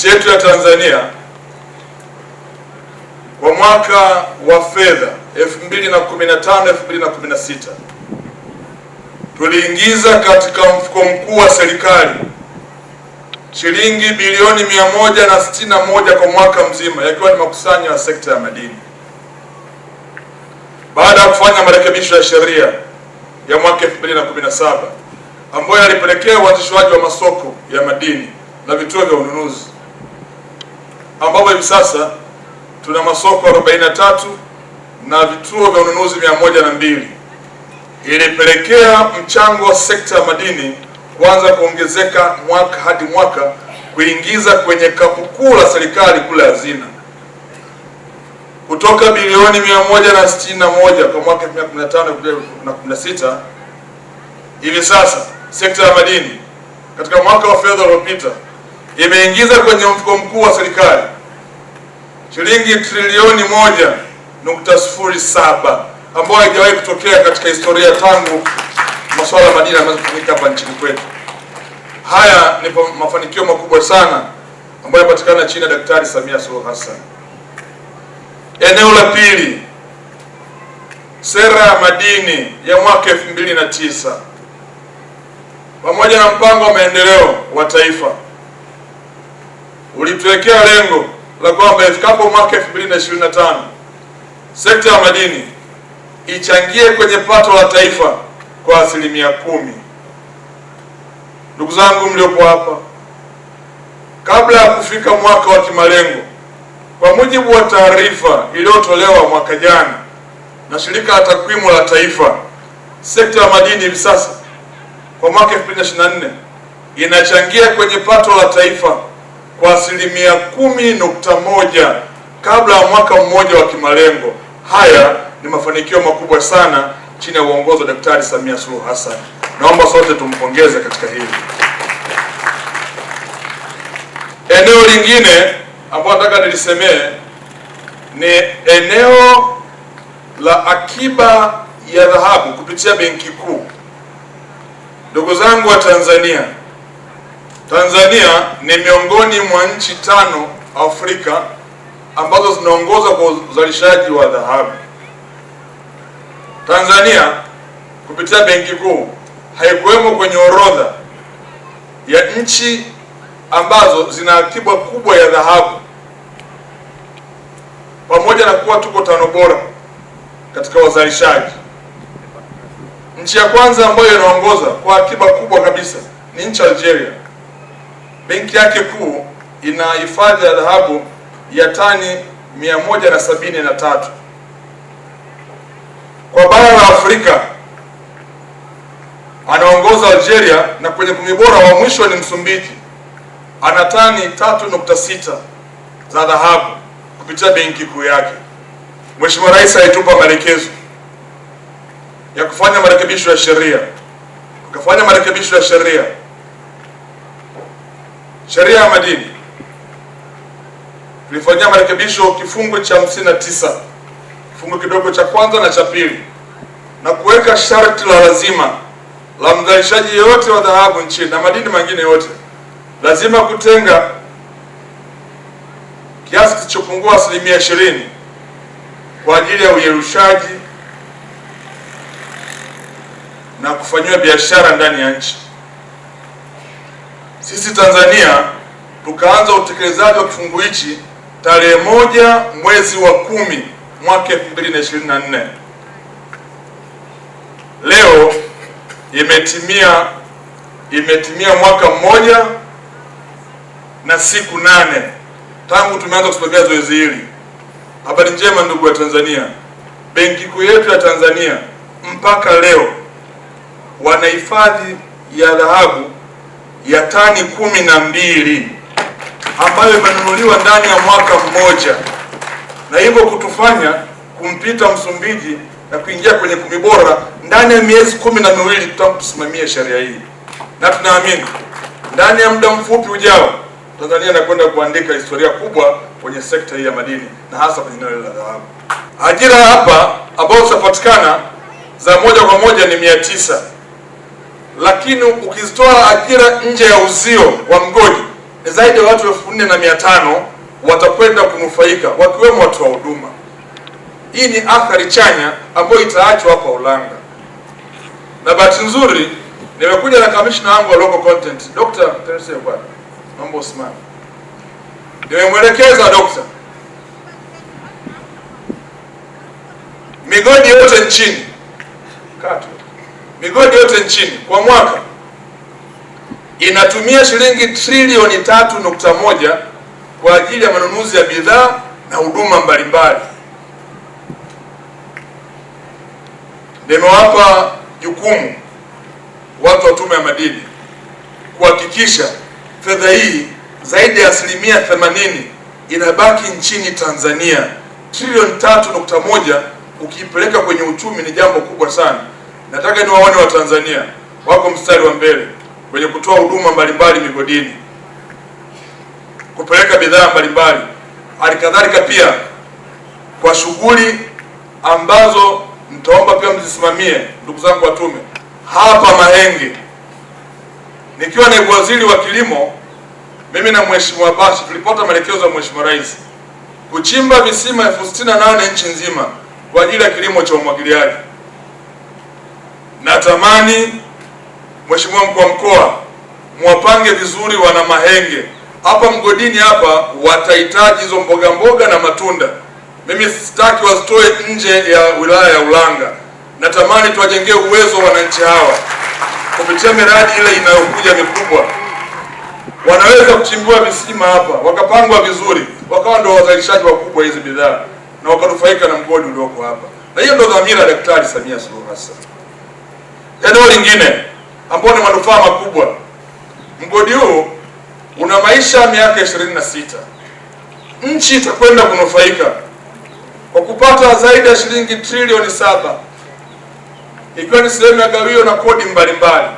nchi yetu ya Tanzania kwa mwaka wa fedha 2015 2016 tuliingiza katika mfuko mkuu wa serikali shilingi bilioni 161 kwa mwaka mzima, yakiwa ni makusanyo ya sekta ya madini. Baada ya kufanya marekebisho ya sheria ya mwaka 2017 ambayo yalipelekea uanzishwaji wa masoko ya madini na vituo vya ununuzi ambapo hivi sasa tuna masoko 43 na vituo vya ununuzi mbili ilipelekea mchango wa sekta ya madini kuanza kuongezeka mwaka hadi mwaka kuingiza kwenye kapu kuu la serikali kule hazina kutoka bilioni 161 kwa mwaka 2015 na sita Hivi sasa sekta ya madini katika mwaka wa fedha uliopita imeingiza kwenye mfuko mkuu wa serikali shilingi trilioni moja nukta sifuri saba ambayo haijawahi kutokea katika historia tangu masuala ya madini ambayo kufanyika hapa nchini kwetu. Haya ni mafanikio makubwa sana ambayo yapatikana chini ya Daktari Samia Suluhu Hassan. Eneo la pili, sera ya madini ya mwaka elfu mbili na tisa pamoja na mpango wa maendeleo wa taifa ulituwekea lengo la kwamba ifikapo mwaka 2025 sekta ya madini ichangie kwenye pato la taifa kwa asilimia kumi. Ndugu zangu mliopo hapa, kabla ya kufika mwaka wa kimalengo, kwa mujibu wa taarifa iliyotolewa mwaka jana na shirika la takwimu la taifa, sekta ya madini hivi sasa kwa mwaka 2024 inachangia kwenye pato la taifa kwa asilimia kumi nukta moja kabla ya mwaka mmoja wa kimalengo. Haya ni mafanikio makubwa sana chini ya uongozi wa Daktari Samia Suluhu Hassan. Naomba sote tumpongeze katika hili. Eneo lingine ambayo nataka nilisemee ni eneo la akiba ya dhahabu kupitia Benki Kuu. Ndugu zangu wa Tanzania Tanzania ni miongoni mwa nchi tano Afrika ambazo zinaongoza kwa uzalishaji wa dhahabu. Tanzania kupitia Benki Kuu haikuwemo kwenye orodha ya nchi ambazo zina akiba kubwa ya dhahabu, pamoja na kuwa tuko tano bora katika wazalishaji. Nchi ya kwanza ambayo inaongoza kwa akiba kubwa kabisa ni nchi Algeria benki yake kuu ina hifadhi ya dhahabu ya tani 173 kwa bara la Afrika anaongoza Algeria na kwenye kumi bora wa mwisho ni Msumbiji, ana tani 3.6 za dhahabu kupitia benki kuu yake. Mheshimiwa Rais alitupa maelekezo ya kufanya marekebisho ya sheria, ukafanya marekebisho ya sheria Sheria ya madini tulifanyia marekebisho kifungu cha 59 kifungu kidogo cha kwanza na cha pili na kuweka sharti la lazima la mzalishaji yeyote wa dhahabu nchini na madini mengine yote lazima kutenga kiasi kilichopungua asilimia ishirini kwa ajili ya uyerushaji na kufanyiwa biashara ndani ya nchi sisi Tanzania tukaanza utekelezaji wa kifungu hichi tarehe moja mwezi wa kumi mwaka nne. Leo imetimia imetimia mwaka mmoja na siku nane tangu tumeanza kusimamia zoezi hili. Habari njema ndugu wa Tanzania, benki kuu yetu ya Tanzania mpaka leo wanahifadhi ya dhahabu ya tani kumi na mbili ambayo imenunuliwa ndani ya mwaka mmoja, na hivyo kutufanya kumpita Msumbiji na kuingia kwenye kumi bora ndani ya miezi kumi na miwili tutakusimamia sheria hii, na tunaamini ndani ya muda mfupi ujao Tanzania inakwenda kuandika historia kubwa kwenye sekta hii ya madini na hasa kwenye eneo la dhahabu. Ajira hapa ambayo zitapatikana za moja kwa moja ni mia tisa lakini ukizitoa ajira nje ya uzio wa mgodi ni zaidi ya watu elfu nne na mia tano watakwenda kunufaika wakiwemo watu wa huduma. Hii ni athari chanya ambayo itaachwa kwa Ulanga, na bahati nzuri nimekuja na kamishna wangu wa local content Dr. Teresa Bwana, mambo Osman, Nimemwelekeza Dr. migodi yote nchini kata migodi yote nchini kwa mwaka inatumia shilingi trilioni tatu nukta moja kwa ajili ya manunuzi ya bidhaa na huduma mbalimbali. Nimewapa jukumu watu wa Tume ya Madini kuhakikisha fedha hii zaidi ya asilimia 80 inabaki nchini Tanzania. Trilioni tatu nukta moja ukiipeleka kwenye uchumi ni jambo kubwa sana. Nataka niwaone Watanzania wako mstari wa mbele kwenye kutoa huduma mbalimbali migodini, kupeleka bidhaa mbalimbali, halikadhalika pia kwa shughuli ambazo mtaomba pia mzisimamie. Ndugu zangu watume, hapa Mahenge nikiwa naibu waziri wa kilimo, mimi na Mheshimiwa Bashi tulipata maelekezo ya Mheshimiwa Rais kuchimba visima elfu sitini na nane nchi nzima kwa ajili ya kilimo cha umwagiliaji natamani Mheshimiwa mkuu wa mkoa mwapange vizuri wana Mahenge hapa mgodini hapa, watahitaji hizo mboga mboga na matunda. Mimi sitaki wazitoe nje ya wilaya ya Ulanga. Natamani tuwajengee uwezo wananchi hawa kupitia miradi ile inayokuja mikubwa. Wanaweza kuchimbiwa visima hapa, wakapangwa vizuri, wakawa ndio wazalishaji wakubwa hizi bidhaa na wakanufaika na mgodi ulioko hapa, na hiyo ndio dhamira Daktari Samia Suluhu Hassan. Eneo lingine ambao ni manufaa makubwa, mgodi huu una maisha miaka 26. Nchi itakwenda kunufaika kwa kupata zaidi ya shilingi trilioni saba ikiwa ni sehemu ya gawio na kodi mbalimbali,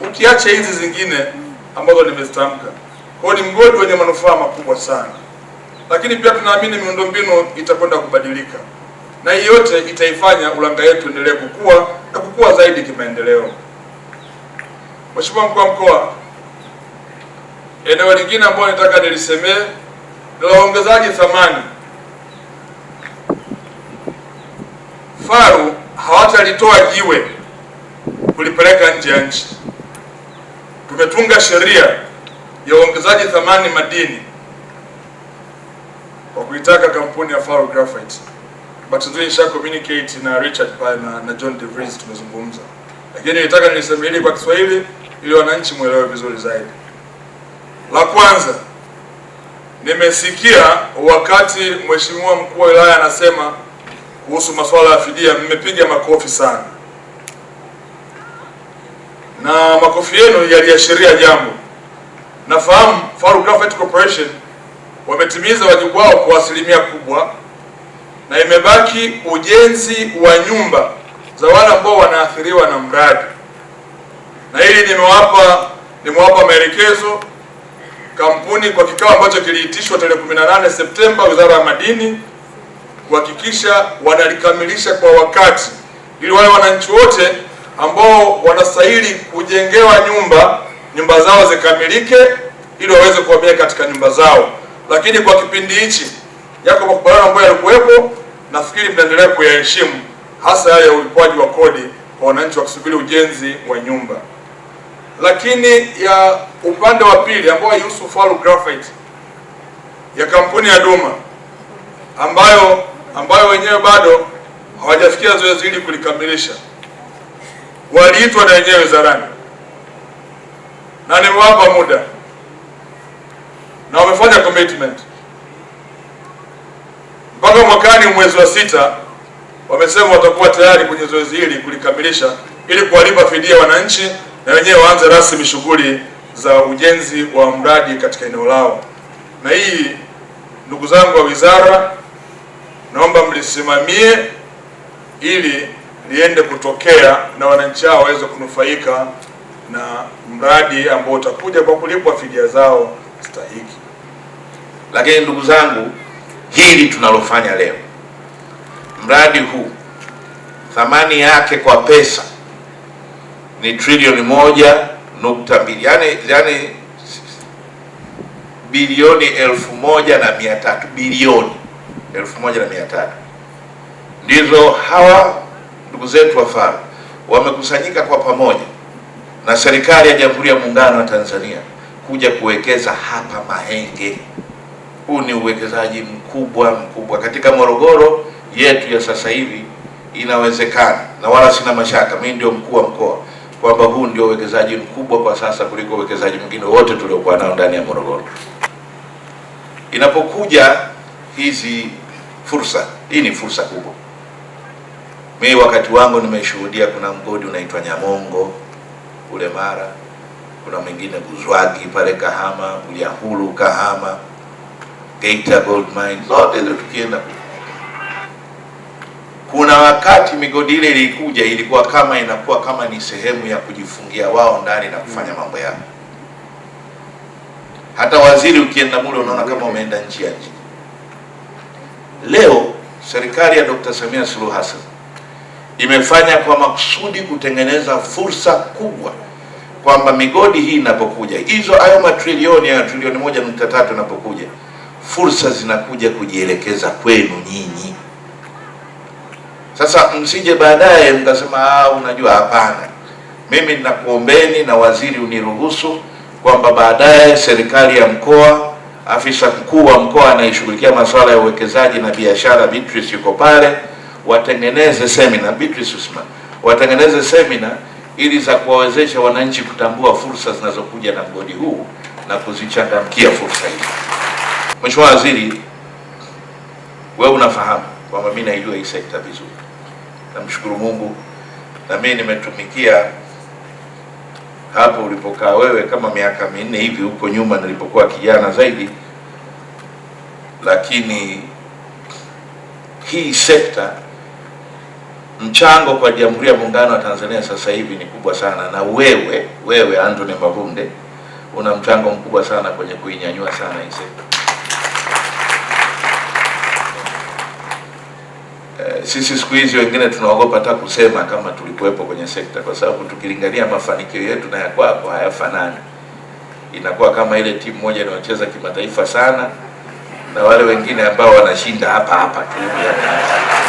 ukiacha hizi zingine ambazo nimezitamka. Kwa ni mgodi wenye manufaa makubwa sana, lakini pia tunaamini miundombinu itakwenda kubadilika na hii yote itaifanya Ulanga yetu endelee kukua na kukua zaidi kimaendeleo. Mheshimiwa mkuu wa mkoa, eneo lingine ambayo nataka nilisemee ni la thamani. Faru hawatalitoa jiwe kulipeleka nje ya nchi. Tumetunga sheria ya uongezaji thamani madini kwa kuitaka kampuni ya Faru Graphite but nzuri nisha communicate na Richard pale na, na John DeVries tumezungumza, lakini nilitaka niliseme hili kwa Kiswahili ili wananchi mwelewe vizuri zaidi. La kwanza nimesikia wakati mheshimiwa mkuu wa wilaya anasema kuhusu masuala ya fidia, mmepiga makofi sana, na makofi yenu yaliashiria jambo. Nafahamu Faru Graphite Corporation wametimiza wajibu wao kwa asilimia kubwa na imebaki ujenzi wa nyumba za wale ambao wanaathiriwa na mradi, na hili nimewapa nimewapa maelekezo kampuni kwa kikao ambacho kiliitishwa tarehe 18 Septemba, Wizara ya Madini kuhakikisha wanalikamilisha kwa wakati, ili wale wananchi wote ambao wanastahili kujengewa nyumba nyumba zao zikamilike, ili waweze kuhamia katika nyumba zao. Lakini kwa kipindi hichi yako makubaliano ambayo yalikuwepo, nafikiri mnaendelea kuyaheshimu, hasa yale ya ulipaji wa kodi kwa wananchi wakisubiri ujenzi wa nyumba. Lakini ya upande wa pili ambayo haihusu Faru Graphite ya kampuni ya Duma ambayo ambayo wenyewe bado hawajafikia zoezi hili kulikamilisha, waliitwa na wenyewe wizarani na nimewapa muda na wamefanya commitment mpaka mwakani mwezi wa sita wamesema watakuwa tayari kwenye zoezi hili kulikamilisha, ili kuwalipa fidia wananchi na wenyewe waanze rasmi shughuli za ujenzi wa mradi katika eneo lao. Na hii ndugu zangu wa wizara, naomba mlisimamie ili liende kutokea na wananchi hao waweze kunufaika na mradi ambao utakuja kwa kulipwa fidia zao stahiki. Lakini ndugu zangu hili tunalofanya leo. Mradi huu thamani yake kwa pesa ni trilioni moja nukta mbili yani, yani bilioni elfu moja na mia tatu bilioni elfu moja na mia tatu ndizo hawa ndugu zetu wa faru wamekusanyika kwa pamoja na serikali ya Jamhuri ya Muungano wa Tanzania kuja kuwekeza hapa Mahenge. Huu ni uwekezaji mkubwa mkubwa katika Morogoro yetu ya sasa hivi, inawezekana na wala sina mashaka, mimi ndio mkuu wa mkoa, kwamba huu ndio uwekezaji mkubwa kwa sasa kuliko uwekezaji mwingine wote tuliokuwa nao ndani ya Morogoro. Inapokuja hizi fursa, hii ni fursa kubwa. Mimi wakati wangu nimeshuhudia, kuna mgodi unaitwa Nyamongo kule Mara, kuna mwingine Buzwagi pale Kahama, Bulyanhulu Kahama Geita gold mine zote hizo tukienda. Kuna wakati migodi ile ilikuja, ilikuwa kama inakuwa kama ni sehemu ya kujifungia wao ndani na kufanya mm. mambo yao. Hata waziri ukienda mule unaona kama umeenda nje ya nje. Leo serikali ya Dr. Samia Suluhu Hassan imefanya kwa makusudi kutengeneza fursa kubwa kwamba migodi hii inapokuja, hizo hayo matrilioni ya trilioni moja nukta tatu inapokuja fursa zinakuja kujielekeza kwenu nyinyi. Sasa msije baadaye mkasema ah, unajua hapana, mimi ninakuombeni na waziri uniruhusu kwamba baadaye serikali ya mkoa, afisa mkuu wa mkoa anayeshughulikia masuala ya uwekezaji na biashara, Beatrice yuko pale, watengeneze semina, Beatrice Usman, watengeneze semina ili za kuwawezesha wananchi kutambua fursa zinazokuja na mgodi huu na kuzichangamkia fursa hizo. Mheshimiwa Waziri, wewe unafahamu kwamba mimi naijua hii sekta vizuri. Namshukuru Mungu na mimi nimetumikia hapo ulipokaa wewe kama miaka minne hivi huko nyuma nilipokuwa kijana zaidi, lakini hii sekta mchango kwa Jamhuri ya Muungano wa Tanzania sasa hivi ni kubwa sana, na wewe wewe Anthony Mavunde una mchango mkubwa sana kwenye kuinyanyua sana hii sekta. sisi siku hizi wengine tunaogopa hata kusema kama tulikuwepo kwenye sekta, kwa sababu tukilingania mafanikio yetu na ya kwako hayafanani. Inakuwa kama ile timu moja inayocheza kimataifa sana na wale wengine ambao wanashinda hapa hapa tu.